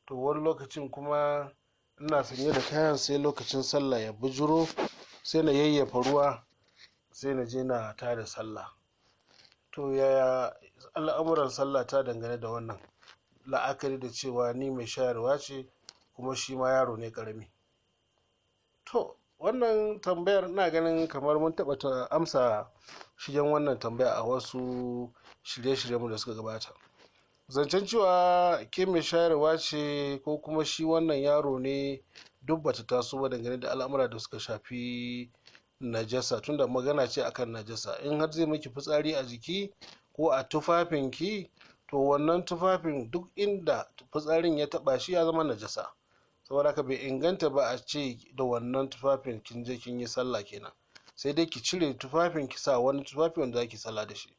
S9: to wani lokacin kuma ina sanye da kayan sai lokacin sallah ya bujuro sai na yayyafa ruwa sai na je na tada sallah to yaya al'amuran sallah ta dangane da wannan la'akari da cewa ni mai shayarwa ce kuma shi ma yaro ne karami to wannan tambayar na ganin kamar mun taɓa amsa shigen wannan tambaya a wasu shirye-shiryenmu da suka gabata zancen cewa ke mai shayarwa ce ko kuma shi wannan yaro ne duk bata taso ba dangane da al'amura da suka shafi najasa tunda magana ce akan najasa in har zai miki fitsari a jiki ko a tufafin ki to wannan tufafin duk inda fitsarin ya taba shi ya zama najasa saboda haka bai inganta ba a ce da wannan tufafin kin je kin yi sallah kenan sai dai ki cire tufafin ki sa wani tufafi wanda zaki sallah da shi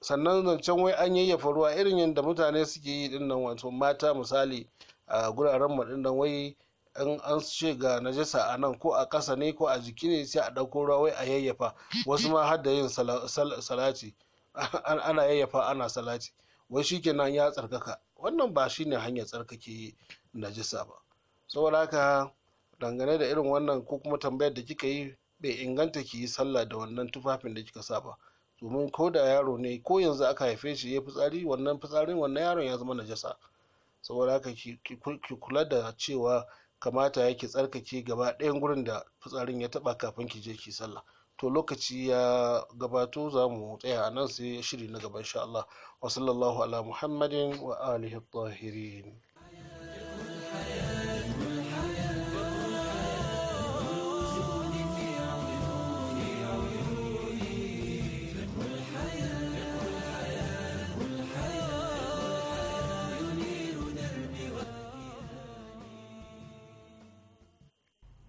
S9: sannan zancen wai an yayyafa ruwa irin yadda mutane suke yi din nan wato mata misali a guraren mu din nan wai in an ce ga najasa a nan ko a ƙasa ne ko a jiki ne sai a ɗauko ruwa wai a yayyafa wasu ma har da yin salati [laughs] ana yayyafa ana salati wai shikenan ya tsarkaka wannan ba shine hanyar tsarkake najasa ba saboda haka dangane da irin wannan ko kuma tambayar da kika yi bai inganta ki yi sallah da wannan tufafin da kika saba domin ko da yaro ne ko yanzu aka haife shi ya fitsari wannan fitsarin wannan yaron ya zama najasa saboda haka ki kula da cewa kamata ya ki tsarkake gaba ɗayan gurin da fitsarin ya taɓa kafin ki je ki sallah to lokaci ya gabato za mu tsaya a nan sai shiri na gaba insha Allah wa sallallahu ala muhammadin wa alihi tahirin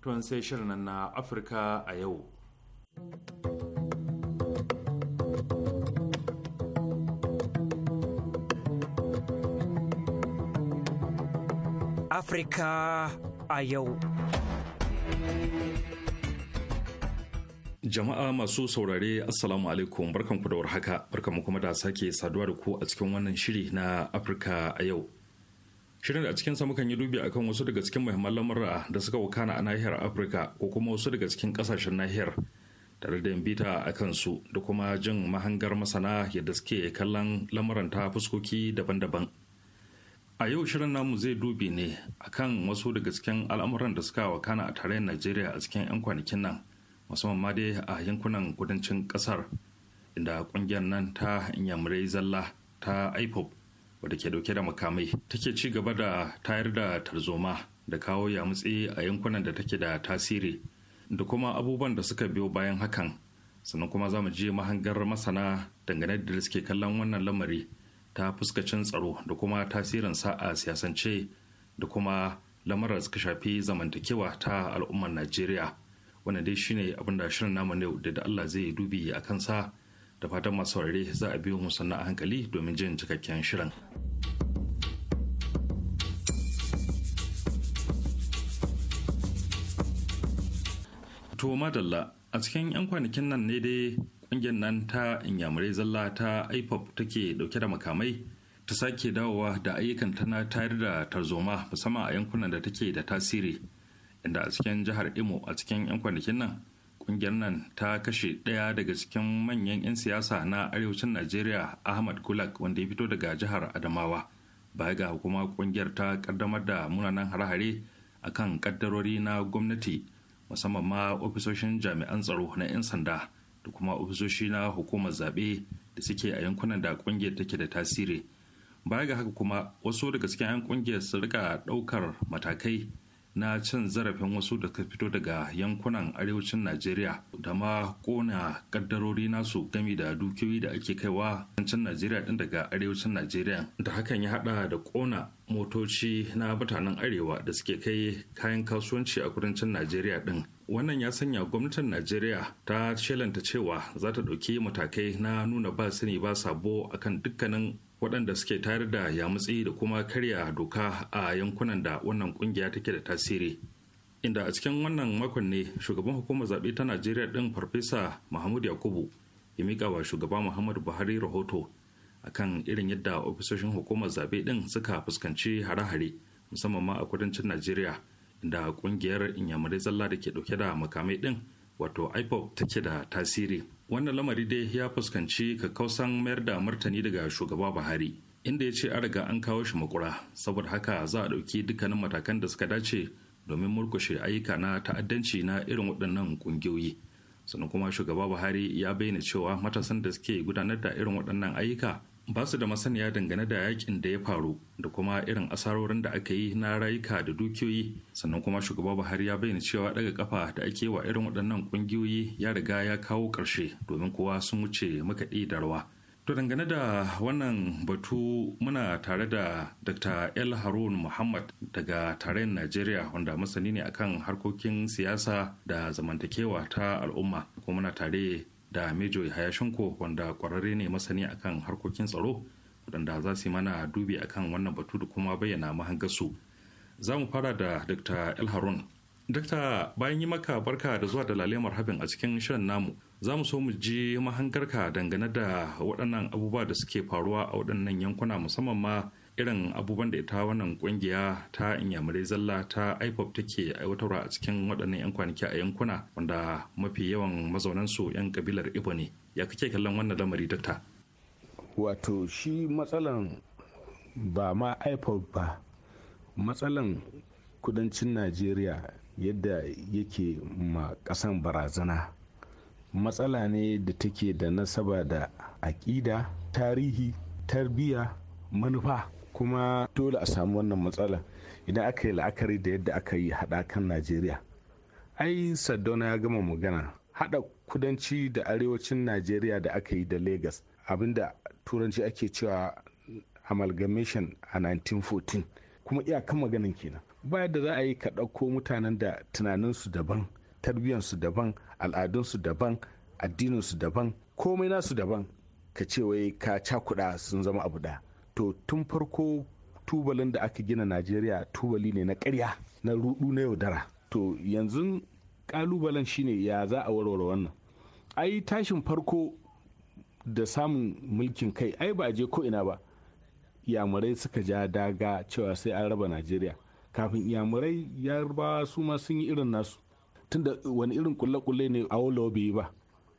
S2: tun sai shirin na afirka a yau
S3: afirka a yau
S2: Jama'a masu saurare Assalamu alaikum barkanku da warhaka barkanku kuma da sake saduwa da ku a cikin wannan shiri na Afirka a yau Shirin a cikinsa mukan yi dubi akan wasu daga cikin muhimman lamura da suka wakana a nahiyar Afirka ko kuma wasu daga cikin kasashen nahiyar tare da bita a kansu da kuma jin mahangar masana yadda suke kallon lamuran ta fuskoki daban-daban. A yau shirin namu zai dubi ne akan wasu daga cikin al'amuran da suka wakana a tarayyar Najeriya a cikin 'yan kwanakin nan musamman ma dai a yankunan kudancin kasar inda kungiyar nan ta inyamurai zalla ta IPOP wadda ke dauke da makamai take ci gaba da tayar da tarzoma da kawo yamutse a yankunan da take da tasiri da kuma abubuwan da suka biyo bayan hakan sannan kuma za mu je mahangar masana dangane da suke kallon wannan lamari ta fuskacin tsaro da kuma tasirin sa a siyasance da kuma lamarar suka shafi zamantakewa ta al'ummar najeriya wannan dai shine abin da shirin namu ne da Allah zai dubi a kansa da fatan masu saurare za a biyo mu sannan a hankali domin jin cikakken shirin. To madalla a cikin 'yan kwanakin nan ne dai ƙungiyar nan ta inyamurai zalla ta ipop take dauke da makamai ta sake dawowa da ayyukan tana tayar da tarzoma musamman a yankunan da take da tasiri inda a cikin jihar imo a cikin 'yan kwanakin nan kungiyar nan ta kashe ɗaya daga cikin manyan 'yan siyasa na arewacin najeriya ahmad gulag wanda ya fito daga jihar adamawa baya ga kuma kungiyar ta ƙaddamar da munanan hare-hare kan ƙaddarori na gwamnati musamman ma ofisoshin jami'an tsaro na 'yan sanda da kuma ofisoshi na hukumar zaɓe da suke a yankunan da kungiyar take da tasiri baya ga haka kuma wasu daga cikin 'yan ƙungiyar su rika ɗaukar matakai na cin zarafin wasu da ka fito daga yankunan arewacin najeriya da ma kona kaddarori nasu gami da dukiyoyi da ake kaiwa yancin najeriya din daga arewacin najeriya da hakan ya hada da kona motoci na mutanen arewa da suke kai kayan kasuwanci a kudancin najeriya din wannan ya sanya gwamnatin najeriya ta shelanta cewa za ta ɗauki matakai na nuna ba sani ba sabo akan dukkanin waɗanda suke tayar da yamutsi da kuma karya doka a yankunan da wannan kungiya take da tasiri inda a cikin wannan makon ne shugaban hukumar zaɓe ta najeriya ɗin farfesa mahmud yakubu ya miƙa wa shugaba muhammadu buhari rahoto akan irin yadda ofisoshin hukumar zaɓe ɗin suka fuskanci hare-hare musamman ma a kudancin najeriya inda ƙungiyar inyamurai zalla da ke ɗauke da makamai ɗin wato ipop take da tasiri wannan lamari dai ya fuskanci kakkausan mayar da martani daga shugaba buhari inda ya ce an riga an kawo shi makura saboda haka za a ɗauki dukkanin matakan da suka dace domin murkushe ayyuka na ta'addanci na irin waɗannan ƙungiyoyi sannan kuma shugaba buhari ya bayyana cewa matasan da suke gudanar da irin waɗannan ayyuka ba su da masaniya dangane da yakin da ya faru da kuma irin asarorin da aka yi na rayuka da dukiyoyi sannan kuma shugaba buhari ya bayyana cewa daga kafa da ake wa irin waɗannan ƙungiyoyi ya riga ya kawo ƙarshe domin kowa sun wuce makaɗi da rawa to dangane da wannan batu muna tare da dr el harun muhammad daga tarayyar najeriya wanda masani ne akan harkokin siyasa da zamantakewa ta al'umma kuma muna tare da mejo shanko wanda kwararre ne masani akan harkokin tsaro waɗanda za su yi mana dubi akan wannan batu da kuma bayyana mahangarsu za mu fara da dr el harun Dr bayan yi maka barka da zuwa da lalemar a cikin shirin namu za mu so mu ji mahangarka dangane da waɗannan abubuwa da suke faruwa a waɗannan yankuna musamman ma irin abubuwan da ita wannan kungiya ta inyamurai zalla ta ipop take aiwatarwa a cikin waɗannan 'yan kwanaki a yankuna wanda mafi yawan mazaunansu 'yan kabilar ibo ne ya kake kallon wannan lamari dakta
S10: wato shi matsalan ba ma ipop ba matsalan kudancin najeriya yadda yake ma ƙasan barazana matsala ne da take da nasaba da aƙida tarihi tarbiyya manufa kuma dole a samu wannan matsala idan aka yi la'akari da yadda aka yi haɗakan najeriya ai saddauna ya gama magana haɗa kudanci da arewacin najeriya da aka yi da lagos abinda turanci ake cewa amalgamation a 1914 kuma iyakan maganin kenan ba yadda za a yi ka ɗauko mutanen da tunaninsu daban tarbiyyarsu daban al'adunsu daban addininsu daban komai nasu daban ka ce wai ka cakuɗa sun zama abu ɗaya to tun farko tubalin da aka gina najeriya tubali ne na karya na rudu na yaudara to yanzu kalubalen shine ya za a warware wannan ai tashin farko da samun mulkin kai ai ba a je ko ina ba yamurai suka ja daga cewa sai an raba najeriya kafin yamurai yarbawa su ma sun yi irin nasu tunda wani irin kulle-kulle ne a bai ba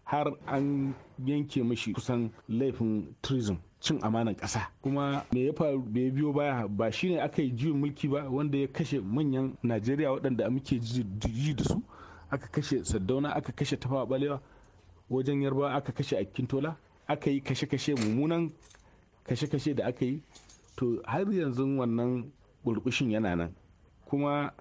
S10: har an yanke mashi kusan laifin turism cin amanan ƙasa kuma me ya faru da ya biyo baya ba shine aka yi juyin mulki ba wanda ya kashe manyan najeriya waɗanda muke ji da su aka kashe saddauna aka kashe tafawa balewa wajen yarba aka kashe akintola aka yi kashe-kashe mummunan kashe-kashe da aka yi to har yanzu wannan burbushin yana nan kuma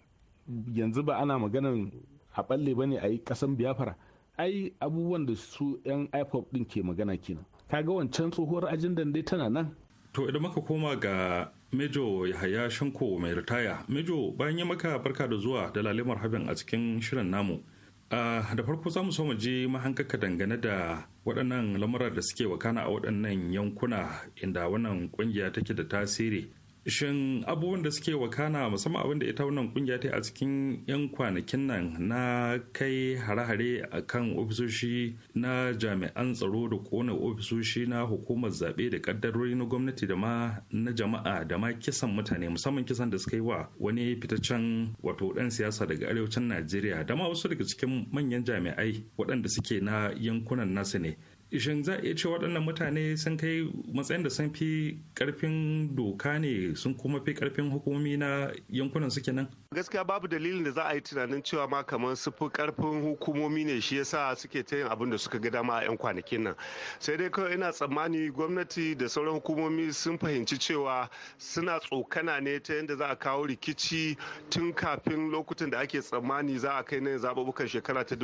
S10: yanzu ba ana maganan a balle ne a yi kasan biyafara ai abubuwan da su 'yan ipop din ke magana kenan kaga wancan
S2: tsohuwar ajin dai tana nan to idan muka koma ga mejo yahaya shanko mai ritaya mejo bayan ya maka barka da zuwa da lalimar habin a cikin shirin namu da farko za mu so mu je mahankaka dangane da waɗannan lamurar da suke wakana a waɗannan yankuna inda wannan ƙungiya take da tasiri shin abubuwan da suke wakana musamman abin da ita wannan kungiya ta a cikin 'yan kwanakin nan na kai hare-hare a kan ofisoshi na jami'an tsaro da kona ofisoshi na hukumar zaɓe da ƙaddarori na gwamnati da ma na jama'a da ma kisan mutane musamman kisan da suka yi wa wani fitaccen wato ɗan siyasa daga arewacin najeriya da ma wasu daga cikin manyan jami'ai waɗanda suke na yankunan nasu ne shin za a iya cewa waɗannan mutane sun kai matsayin da sun fi karfin doka ne sun kuma fi karfin hukumomi na yankunan suke nan
S11: gaskiya babu dalilin da za a yi tunanin cewa ma kamar su fi karfin hukumomi ne shi yasa suke ta yin abin da suka ga dama a 'yan kwanakin nan sai dai kawai ina tsammani gwamnati da sauran hukumomi sun fahimci cewa suna tsokana ne ta yadda za a kawo rikici tun kafin lokutan da ake tsammani za a kai na zaɓuɓɓukan shekara ta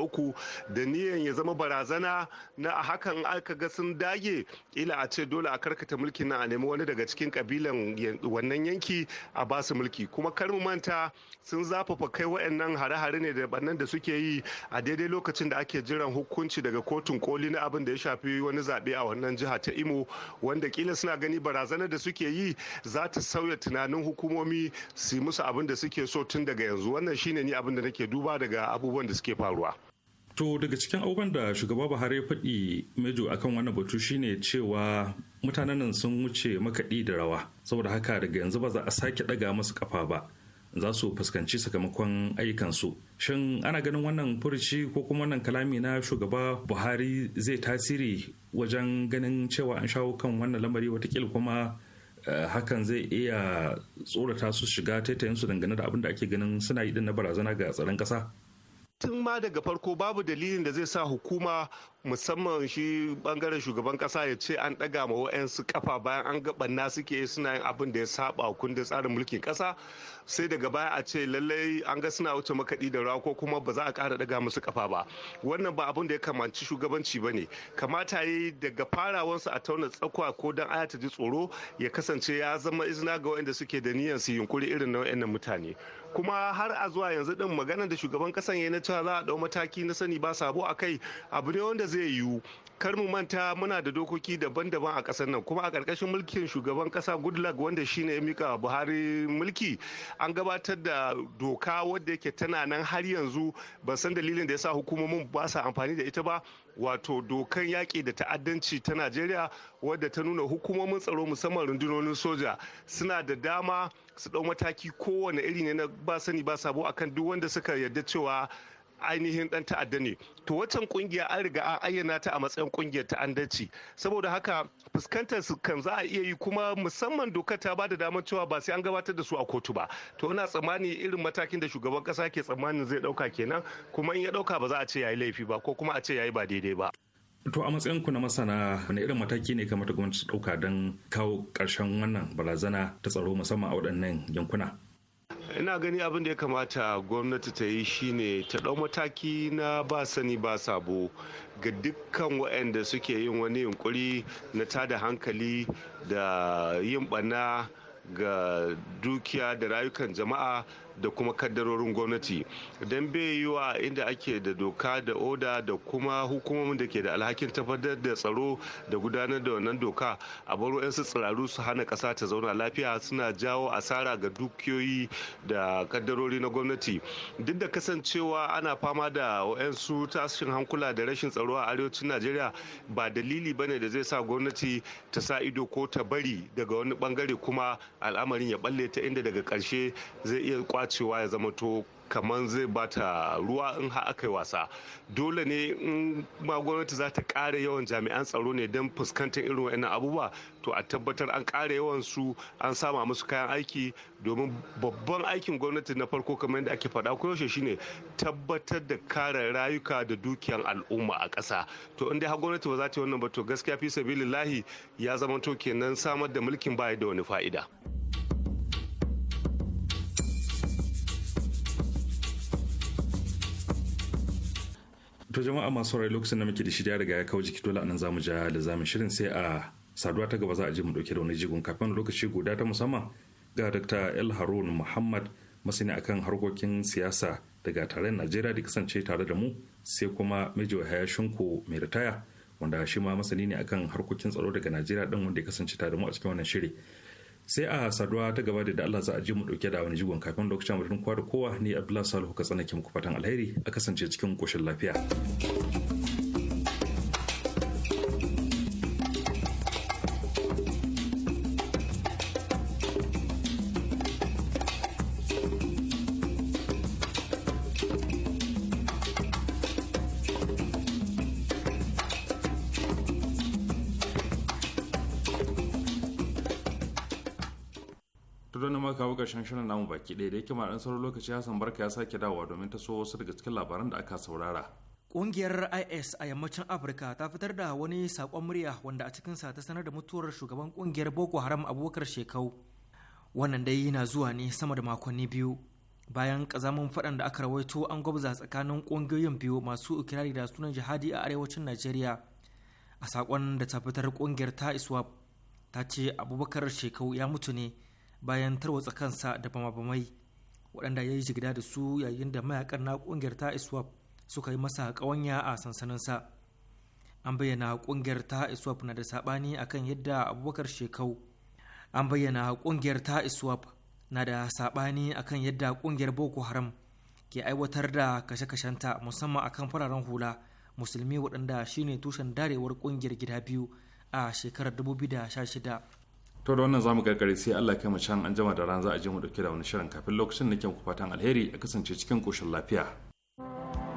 S11: uku da niyan ya zama barazana na na hakan aka ga sun dage ila a ce dole a karkata mulkin na a nemi wani daga cikin kabilan wannan yanki a basu mulki kuma kar mu manta sun zafafa kai waɗannan hare-hare ne da bannan da suke yi a daidai lokacin da ake jiran hukunci daga kotun koli na abin da ya shafi wani zaɓe a wannan jiha ta imo wanda kila suna gani barazanar da suke yi za ta sauya tunanin hukumomi su musu abin da suke so tun daga yanzu wannan shine ni abin da nake duba daga abubuwan da suke faruwa.
S2: To daga cikin abubuwan da shugaba Buhari ya faɗi mejo akan wannan batu shine cewa mutanen nan sun wuce makaɗi da rawa saboda haka daga yanzu ba za a sake ɗaga masu kafa ba za su fuskanci sakamakon aikansu. shin ana ganin wannan furuci ko kuma wannan kalami na shugaba buhari zai tasiri wajen ganin cewa an shawo kan wannan lamari watakila kuma eh, hakan zai iya tsorata su shiga taitayensu dangane da abin da ake ganin suna yi na barazana ga tsaron ƙasa
S11: tun ma daga farko babu dalilin da zai sa hukuma musamman shi bangaren shugaban kasa ya ce an daga ma wa'yansu kafa bayan an gabanna suke suna yin abin da ya saba kundin tsarin mulkin kasa sai daga baya a ce lallai an ga suna wuce makaɗi da rawa ko kuma ba za a ƙara daga musu kafa ba wannan ba abin da ya kamanci shugabanci ba ne kamata yi daga farawansu a tauna tsakwa ko don aya ta ji tsoro ya kasance ya zama izina ga wa'yanda suke da niyyar su yunkuri irin na wa'yannan mutane kuma har a zuwa yanzu din maganar da shugaban kasan ya na cewa za a ɗau mataki na sani ba sabo a kai abu ne wanda zai yiwu kar mu manta muna da dokoki daban-daban a ƙasar nan kuma a ƙarƙashin mulkin shugaban ƙasa goodluck wanda shine ya mika buhari mulki an gabatar da doka wadda yake tana nan har yanzu ban san dalilin da ya sa hukumomin ba sa amfani da ita ba wato dokan yaƙi da ta'addanci ta najeriya wadda ta nuna hukumomin tsaro musamman rundunonin soja suna da dama su ɗau mataki kowane iri ne na ba sani ba sabo akan duk wanda suka yarda cewa ainihin dan ta'adda ne to waccan kungiya an riga an ayyana ta a matsayin kungiyar ta'addanci saboda haka fuskantar su kan za a iya yi kuma musamman doka ta ba da damar cewa ba sai an gabatar da su a kotu ba to ina tsammani irin matakin da shugaban kasa ke tsammanin zai dauka kenan kuma in ya dauka ba za a ce yayi laifi ba ko kuma a ce yayi ba daidai ba
S2: To a matsayinku na masana wani irin mataki ne kamata gwamnati dauka don kawo karshen wannan barazana ta tsaro musamman a waɗannan yankuna?
S11: ina gani abin da ya kamata gwamnati ta yi shine ta ɗau mataki na ba sani ba sabo ga dukkan waɗanda suke yin wani yunkuri na tada hankali da yin ɓana ga dukiya da rayukan jama'a da kuma kaddarorin gwamnati don bai wa inda ake da doka da oda da kuma hukumomin da ke da alhakin tabbatar da tsaro da gudanar da wannan doka a baro 'yan su tsiraru su hana kasa ta zauna lafiya suna jawo asara ga dukiyoyi da kaddarori na gwamnati duk da kasancewa ana fama da wayansu tashin hankula da rashin tsaro a arewacin najeriya ba dalili bane da zai sa gwamnati ta sa ido ko ta bari daga wani bangare kuma al'amarin ya balle ta inda daga karshe zai iya cewa ya zama to kamar zai bata ruwa in ha aka yi wasa dole ne in ma gwamnati za ta kare yawan jami'an tsaro ne don fuskantar irin wa'annan abubuwa to a tabbatar an kare yawan su an sama musu kayan aiki domin babban aikin gwamnati na farko kamar yadda ake faɗa yaushe shine tabbatar da kare rayuka da dukiyan al'umma a ƙasa to in dai har gwamnati ba za ta yi wannan ba to gaskiya fi sabilillahi ya zama to kenan samar da mulkin baya da wani fa'ida.
S2: to jama'a masu rai lokacin da muke da shi riga ya kawo jiki dole anan zamu ja da zamu shirin sai a saduwa ta gaba za a je mu dauke da wani jigon kafin lokaci guda ta musamman ga Dr. El Harun Muhammad masani akan harkokin siyasa daga tarayyar Najeriya da kasance tare da mu sai kuma haya Hayashinku mai ritaya wanda shi ma masani ne akan harkokin tsaro daga Najeriya din wanda ya kasance tare da mu a cikin wannan shiri. sai a saduwa ta gaba da Allah za a ji mu dauke da wani jigon kafin lokacin mutum kowa da kowa ne Abdullahi Salihu ka tsanake muku fatan alheri a kasance cikin koshin lafiya. karshen shirin namu baki ɗaya da yake ma ɗan sauran lokaci Hassan Barka ya sake dawowa domin ta so wasu daga cikin labaran da aka saurara.
S3: Ƙungiyar IS a yammacin Afirka ta fitar da wani saƙon murya wanda a cikinsa ta sanar da mutuwar shugaban ƙungiyar Boko Haram Abubakar Shekau. Wannan dai yana zuwa ne sama da makonni biyu bayan ƙazamin faɗan da aka rawaito an gwabza tsakanin ƙungiyoyin biyu masu ikirari da sunan jihadi a arewacin Najeriya. A saƙon da ta fitar ƙungiyar ta iswap ta ce Abubakar Shekau ya mutu ne bayan tarwatsa kansa da bama-bamai waɗanda ya yi jigida da su yayin da mayakan na ƙungiyar ta iswap suka yi masa ƙawanya a sansaninsa an bayyana ƙungiyar ta iswap na da saɓani akan yadda abubakar shekau an bayyana ƙungiyar ta iswap na da saɓani akan yadda ƙungiyar boko haram ke aiwatar da kashe-kashenta musamman akan fararen hula musulmi waɗanda shine tushen darewar ƙungiyar gida biyu a shekarar 2016
S2: to da wannan zamu gargare sai Allah kai mu can an jima da ran za a je mu dauke da wani shirin kafin lokacin nake muku fatan alheri a kasance cikin koshin lafiya